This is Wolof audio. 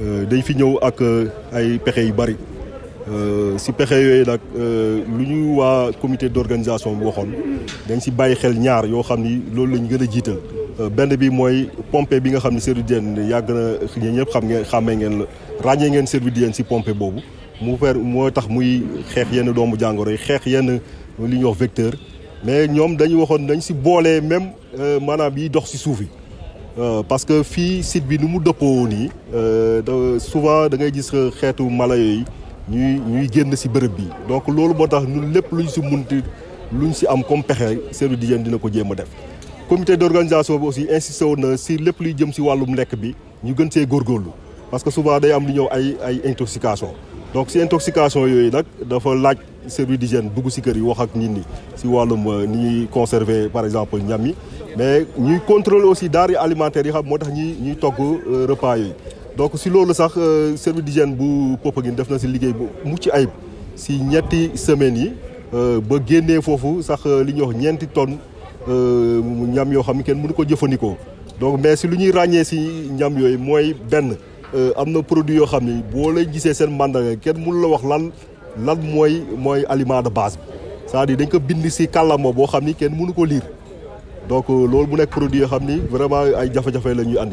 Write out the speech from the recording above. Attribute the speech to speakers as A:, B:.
A: Euh, dañ fi ñëw ak euh, ay pexe yu bari euh, si pexe yooyu nag lu ñuy waa comité d'organisation bi waxoon dañ si bàyyi xel ñaar yoo xam ni loolu lañ gën a jiital benn bi mooy pompe bi nga xam ne Saidou Diène yàgg na ñeen ñëpp xam ngeen xàmmee ngeen la ràññee ngeen Saidou Diène si pompe boobu mu fer moo tax muy xeex yenn doomu jàngoro yi xeex yenn li ñuy wax vecteur mais ñoom dañu waxoon dañ si boolee même maanaam yi dox si suuf yi Euh, parce que fii site bi nu mu dëppoo nii euh, souvent da ngay gis xeetu mala yooyu ñuy ñuy génn si bërëb bi donc loolu moo tax ñun lépp lu luñ si lu luñ si am comme pexe Seetu Dijeen dina ko jéem a def. comité d'organisation bi aussi insisté woon na si lépp luy jëm si wàllum lekk bi ñu gën see góorgóorlu parce que souvent day am lu ñëw ay ay intoxication. donc si intoxication yooyu nag dafa laaj service d'hygiène dugg si kër yi wax ak nit ñi si wàllum euh, ni ñuy conserver par exemple ñam yi mais ñuy contrôler aussi denrées alimentaire yi xam moo tax ñuy ñuy togg euh, repas yooyu donc si loolu sax euh, service d'hygiène bu Popenguine def na si liggéey bu mucc ayib si ñetti semaines yi ba génnee foofu sax li ñuy wax ñeenti tonnes ñam yoo xam ne kenn mënu ko jëfandikoo donc mais si li ñuy ràññee si ñam yooyu mooy benn Euh, am na produits yoo xam ni boo lay gisee seen mandarga kenn mënu la wax lan lan mooy mooy aliment de baas bi c'est-à-dire dañ ko bind si kàllaama boo xam ni kenn mënu ko lire donc euh, loolu mu nekk produit yoo xam ni vraiment ay jafe-jafe la ñuy andi.